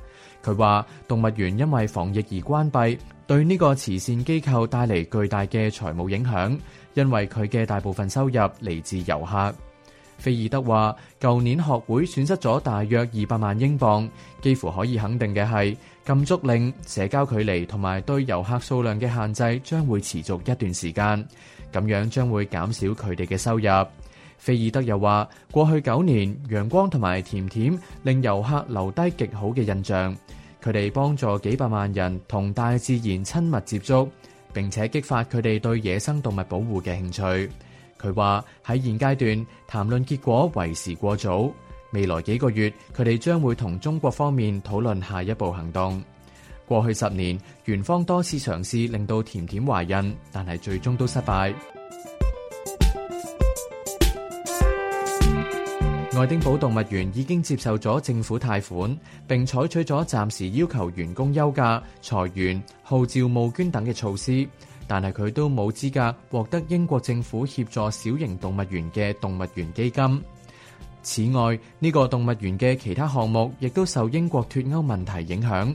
佢話，動物園因為防疫而關閉，對呢個慈善機構帶嚟巨大嘅財務影響，因為佢嘅大部分收入嚟自遊客。菲爾德話，舊年學會損失咗大約二百萬英鎊，幾乎可以肯定嘅係。禁足令、社交距離同埋對遊客數量嘅限制將會持續一段時間，咁樣將會減少佢哋嘅收入。菲爾德又話：過去九年，陽光同埋甜甜令遊客留低極好嘅印象，佢哋幫助幾百萬人同大自然親密接觸，並且激發佢哋對野生動物保護嘅興趣。佢話，喺現階段，談論結果為時過早。未來幾個月，佢哋將會同中國方面討論下一步行動。過去十年，園方多次嘗試令到甜甜懷孕，但係最終都失敗。愛 丁堡動物園已經接受咗政府貸款，並採取咗暫時要求員工休假、裁員、號召募捐等嘅措施，但係佢都冇資格獲得英國政府協助小型動物園嘅動物園基金。此外，呢個動物園嘅其他項目亦都受英國脫歐問題影響。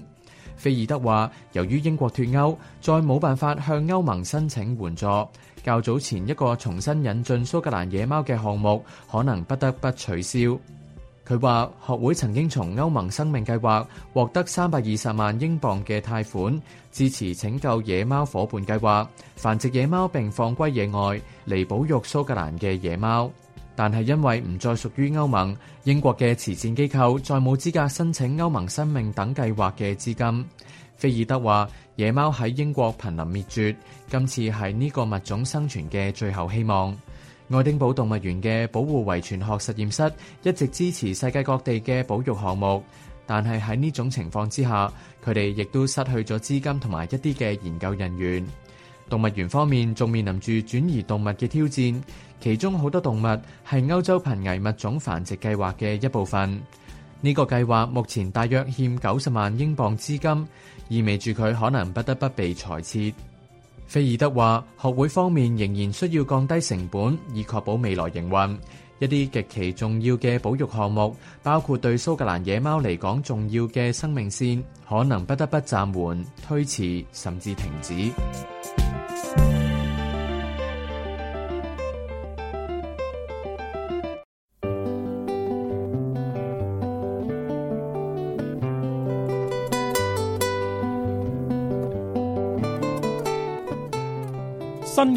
菲爾德話，由於英國脫歐，再冇辦法向歐盟申請援助。較早前一個重新引進蘇格蘭野貓嘅項目，可能不得不取消。佢話學會曾經從歐盟生命計劃獲得三百二十萬英鎊嘅貸款，支持拯救野貓夥伴計劃繁殖野貓並放歸野外，嚟保育蘇格蘭嘅野貓。但係因為唔再屬於歐盟，英國嘅慈善機構再冇資格申請歐盟生命等計劃嘅資金。菲爾德話：野貓喺英國瀕臨滅絕，今次係呢個物種生存嘅最後希望。愛丁堡動物園嘅保護遺傳學實驗室一直支持世界各地嘅保育項目，但係喺呢種情況之下，佢哋亦都失去咗資金同埋一啲嘅研究人員。動物園方面仲面臨住轉移動物嘅挑戰。其中好多動物係歐洲瀕危物種繁殖計劃嘅一部分。呢、這個計劃目前大約欠九十萬英鎊資金，意味住佢可能不得不被裁撤。菲爾德話：學會方面仍然需要降低成本，以確保未來營運。一啲極其重要嘅保育項目，包括對蘇格蘭野貓嚟講重要嘅生命線，可能不得不暫緩、推遲甚至停止。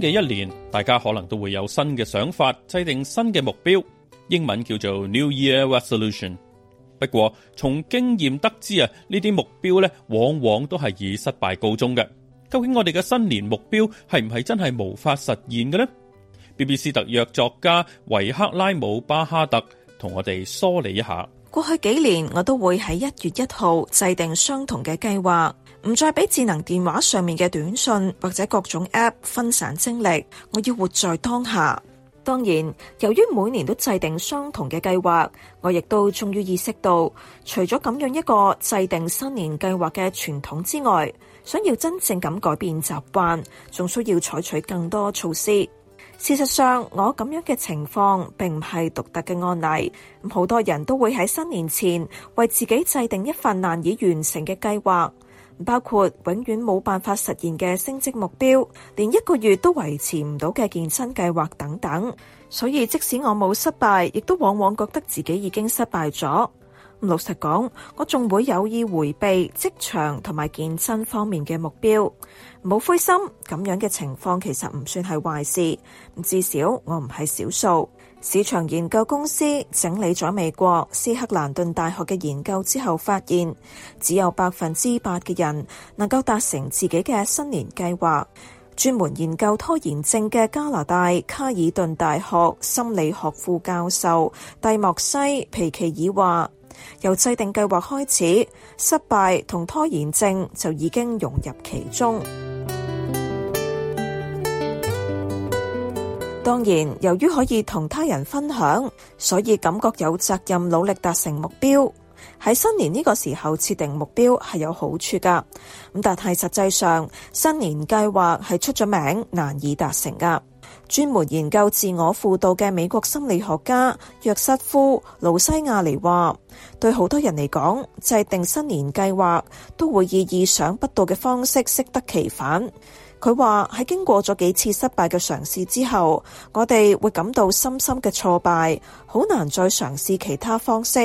嘅一年，大家可能都會有新嘅想法，制定新嘅目標，英文叫做 New Year Resolution。不過從經驗得知啊，呢啲目標咧，往往都係以失敗告終嘅。究竟我哋嘅新年目標係唔係真係無法實現嘅咧？BBC 特約作家維克拉姆巴哈特同我哋梳理一下。過去幾年，我都會喺一月一號制定相同嘅計劃。唔再俾智能電話上面嘅短信或者各種 app 分散精力。我要活在當下。當然，由於每年都制定相同嘅計劃，我亦都終於意識到，除咗咁樣一個制定新年計劃嘅傳統之外，想要真正咁改變習慣，仲需要採取更多措施。事實上，我咁樣嘅情況並唔係獨特嘅案例，好多人都會喺新年前為自己制定一份難以完成嘅計劃。包括永遠冇辦法實現嘅升職目標，連一個月都維持唔到嘅健身計劃等等，所以即使我冇失敗，亦都往往覺得自己已經失敗咗。老實講，我仲會有意回避職場同埋健身方面嘅目標。唔好灰心，咁樣嘅情況其實唔算係壞事，至少我唔係少數。市場研究公司整理咗美國斯克蘭頓大學嘅研究之後，發現只有百分之八嘅人能夠達成自己嘅新年計劃。專門研究拖延症嘅加拿大卡爾頓大學心理學副教授蒂莫西皮奇爾話：由制定計劃開始，失敗同拖延症就已經融入其中。當然，由於可以同他人分享，所以感覺有責任努力達成目標。喺新年呢個時候設定目標係有好處噶，咁但係實際上新年計劃係出咗名難以達成噶。專門研究自我輔導嘅美國心理學家約瑟夫·盧西亞尼話，對好多人嚟講，制定新年計劃都會以意想不到嘅方式適得其反。佢話：喺經過咗幾次失敗嘅嘗試之後，我哋會感到深深嘅挫敗，好難再嘗試其他方式。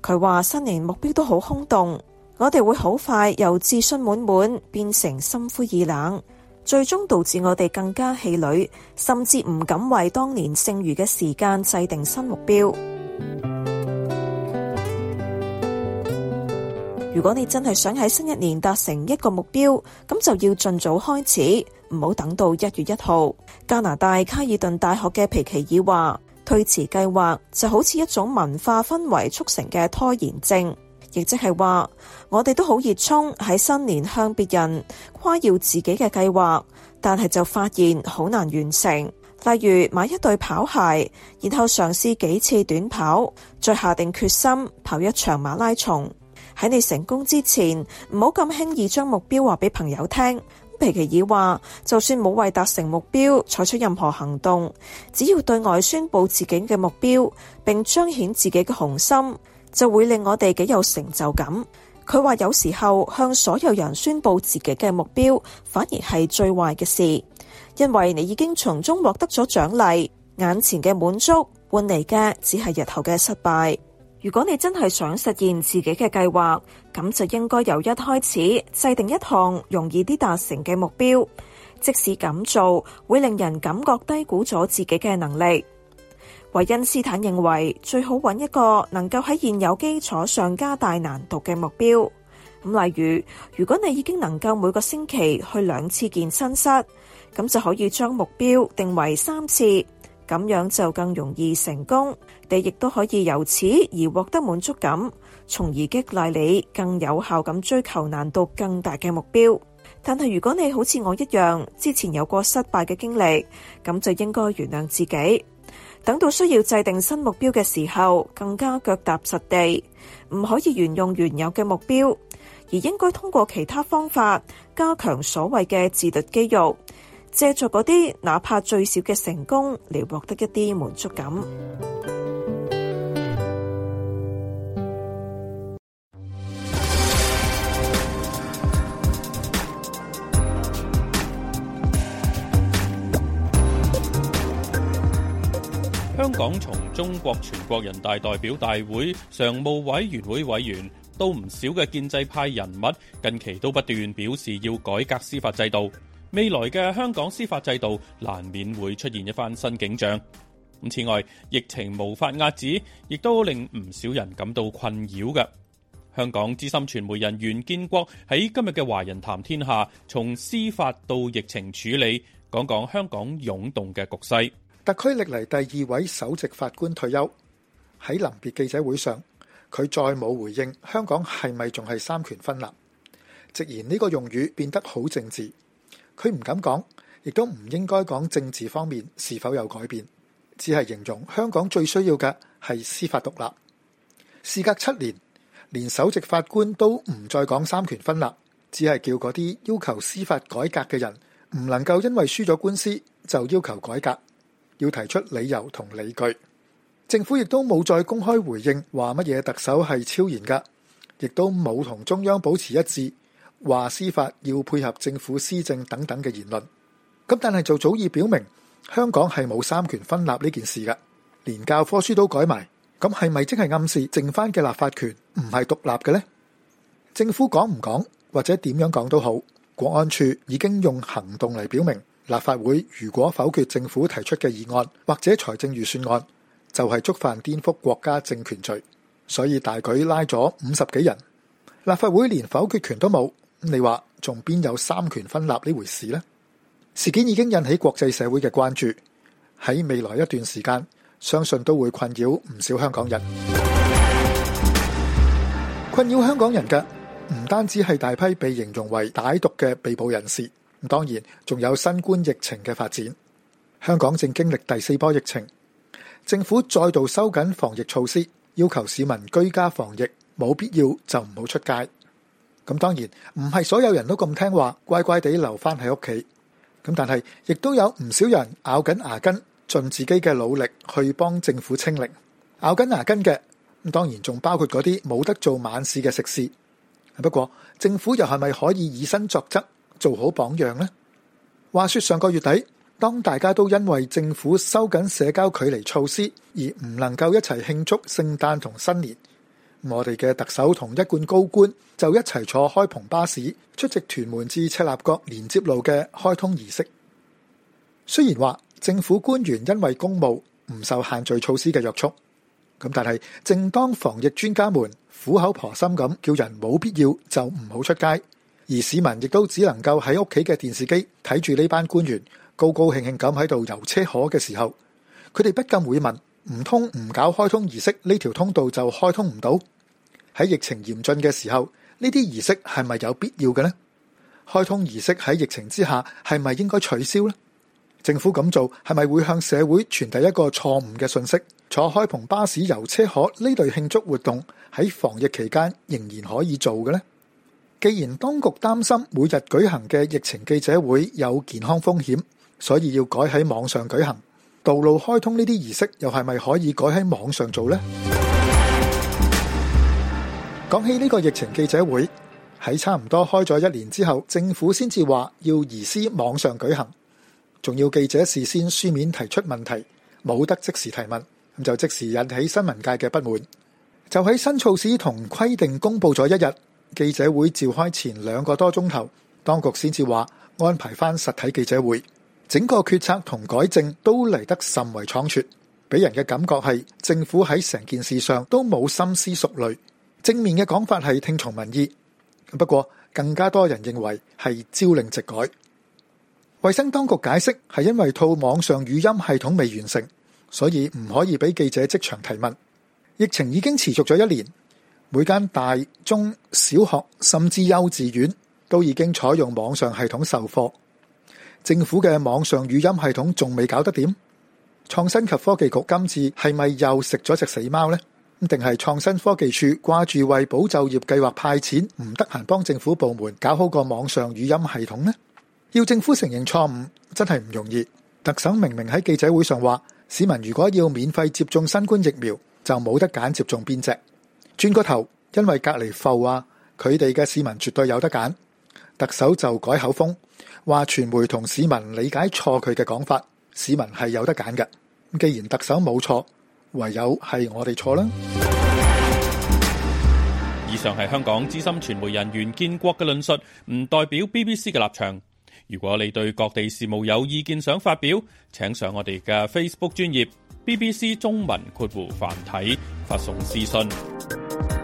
佢話新年目標都好空洞，我哋會好快由自信滿滿變成心灰意冷，最終導致我哋更加氣餒，甚至唔敢為當年剩餘嘅時間制定新目標。如果你真係想喺新一年達成一個目標，咁就要盡早開始，唔好等到一月一號。加拿大卡爾頓大學嘅皮奇爾話，推遲計劃就好似一種文化氛圍促成嘅拖延症，亦即係話我哋都好熱衷喺新年向別人誇耀自己嘅計劃，但係就發現好難完成。例如買一對跑鞋，然後嘗試幾次短跑，再下定決心跑一場馬拉松。喺你成功之前，唔好咁輕易將目標話俾朋友聽。皮奇爾話：就算冇為達成目標採取任何行動，只要對外宣布自己嘅目標，並彰顯自己嘅雄心，就會令我哋幾有成就感。佢話：有時候向所有人宣布自己嘅目標，反而係最壞嘅事，因為你已經從中獲得咗獎勵，眼前嘅滿足換嚟嘅只係日後嘅失敗。如果你真係想實現自己嘅計劃，咁就應該由一開始制定一項容易啲達成嘅目標。即使咁做，會令人感覺低估咗自己嘅能力。維恩斯坦認為，最好揾一個能夠喺現有基礎上加大難度嘅目標。咁例如，如果你已經能夠每個星期去兩次健身室，咁就可以將目標定為三次，咁樣就更容易成功。你亦都可以由此而獲得滿足感，從而激勵你更有效咁追求難度更大嘅目標。但係如果你好似我一樣，之前有過失敗嘅經歷，咁就應該原諒自己。等到需要制定新目標嘅時候，更加腳踏實地，唔可以沿用原有嘅目標，而應該通過其他方法加強所謂嘅自律肌肉。借助嗰啲，哪怕最少嘅成功，嚟獲得一啲滿足感。香港從中國全國人大代表大會常務委員會委員，都唔少嘅建制派人物，近期都不斷表示要改革司法制度。未來嘅香港司法制度難免會出現一番新景象。咁此外，疫情無法遏止，亦都令唔少人感到困擾嘅。香港資深傳媒人袁建國喺今日嘅《華人談天下》從司法到疫情處理，講講香港湧動嘅局勢。特區歷嚟第二位首席法官退休，喺臨別記者會上，佢再冇回應香港係咪仲係三權分立。直言呢個用語變得好政治。佢唔敢講，亦都唔應該講政治方面是否有改變，只係形容香港最需要嘅係司法獨立。事隔七年，連首席法官都唔再講三權分立，只係叫嗰啲要求司法改革嘅人唔能夠因為輸咗官司就要求改革，要提出理由同理據。政府亦都冇再公開回應話乜嘢特首係超然噶，亦都冇同中央保持一致。話司法要配合政府施政等等嘅言論，咁但係就早已表明香港係冇三權分立呢件事嘅，連教科書都改埋，咁係咪即係暗示剩翻嘅立法權唔係獨立嘅呢？政府講唔講或者點樣講都好，國安處已經用行動嚟表明，立法會如果否決政府提出嘅議案或者財政預算案，就係觸犯顛覆國家政權罪，所以大舉拉咗五十幾人，立法會連否決權都冇。咁你話仲邊有三權分立呢回事呢？事件已經引起國際社會嘅關注，喺未來一段時間，相信都會困擾唔少香港人。困擾香港人嘅唔單止係大批被形容為歹毒嘅被捕人士，咁當然仲有新冠疫情嘅發展。香港正經歷第四波疫情，政府再度收緊防疫措施，要求市民居家防疫，冇必要就唔好出街。咁當然唔係所有人都咁聽話，乖乖地留翻喺屋企。咁但係亦都有唔少人咬緊牙根，盡自己嘅努力去幫政府清零。咬緊牙根嘅咁當然仲包括嗰啲冇得做晚市嘅食肆。不過政府又係咪可以以身作則，做好榜樣呢？話說上個月底，當大家都因為政府收緊社交距離措施，而唔能夠一齊慶祝聖誕同新年。我哋嘅特首同一貫高官就一齊坐開篷巴士出席屯門至赤鱲角連接路嘅開通儀式。雖然話政府官員因為公務唔受限聚措施嘅約束，咁但係正當防疫專家們苦口婆心咁叫人冇必要就唔好出街，而市民亦都只能夠喺屋企嘅電視機睇住呢班官員高高興興咁喺度遊車河嘅時候，佢哋不禁會問。唔通唔搞開通儀式，呢條通道就開通唔到？喺疫情嚴峻嘅時候，呢啲儀式係咪有必要嘅咧？開通儀式喺疫情之下係咪應該取消咧？政府咁做係咪會向社會傳遞一個錯誤嘅信息？坐開篷巴士遊車河呢類慶祝活動喺防疫期間仍然可以做嘅咧？既然當局擔心每日舉行嘅疫情記者會有健康風險，所以要改喺網上舉行。道路開通呢啲儀式又係咪可以改喺網上做呢？講 起呢個疫情記者會，喺差唔多開咗一年之後，政府先至話要移師網上舉行，仲要記者事先書面提出問題，冇得即時提問，咁就即時引起新聞界嘅不滿。就喺新措施同規定公布咗一日，記者會召開前兩個多鐘頭，當局先至話安排翻實體記者會。整個決策同改正，都嚟得甚為倉促，俾人嘅感覺係政府喺成件事上都冇深思熟慮。正面嘅講法係聽從民意，不過更加多人認為係朝令夕改。衛生當局解釋係因為套網上語音系統未完成，所以唔可以俾記者即場提問。疫情已經持續咗一年，每間大中小學甚至幼稚園都已經採用網上系統授課。政府嘅網上語音系統仲未搞得掂？創新及科技局今次係咪又食咗隻死貓咧？咁定係創新科技處掛住為保就業計劃派錢，唔得閒幫政府部門搞好個網上語音系統咧？要政府承認錯誤真係唔容易。特首明明喺記者會上話，市民如果要免費接種新冠疫苗，就冇得揀接種邊隻。轉個頭，因為隔離埠啊，佢哋嘅市民絕對有得揀，特首就改口風。話傳媒同市民理解錯佢嘅講法，市民係有得揀嘅。既然特首冇錯，唯有係我哋錯啦。以上係香港資深傳媒人員建國嘅論述，唔代表 BBC 嘅立場。如果你對各地事務有意見想發表，請上我哋嘅 Facebook 專頁 BBC 中文括弧繁體發送私信。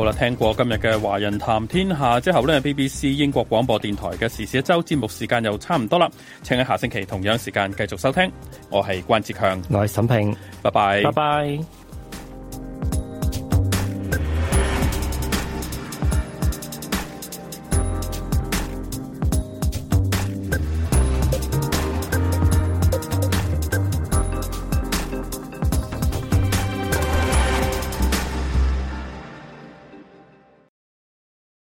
好啦，聽過今日嘅華人談天下之後呢，BBC 英國廣播電台嘅時事一周節目時間又差唔多啦，請喺下星期同樣時間繼續收聽。我係關志強，我係沈平，拜拜 bye，拜拜。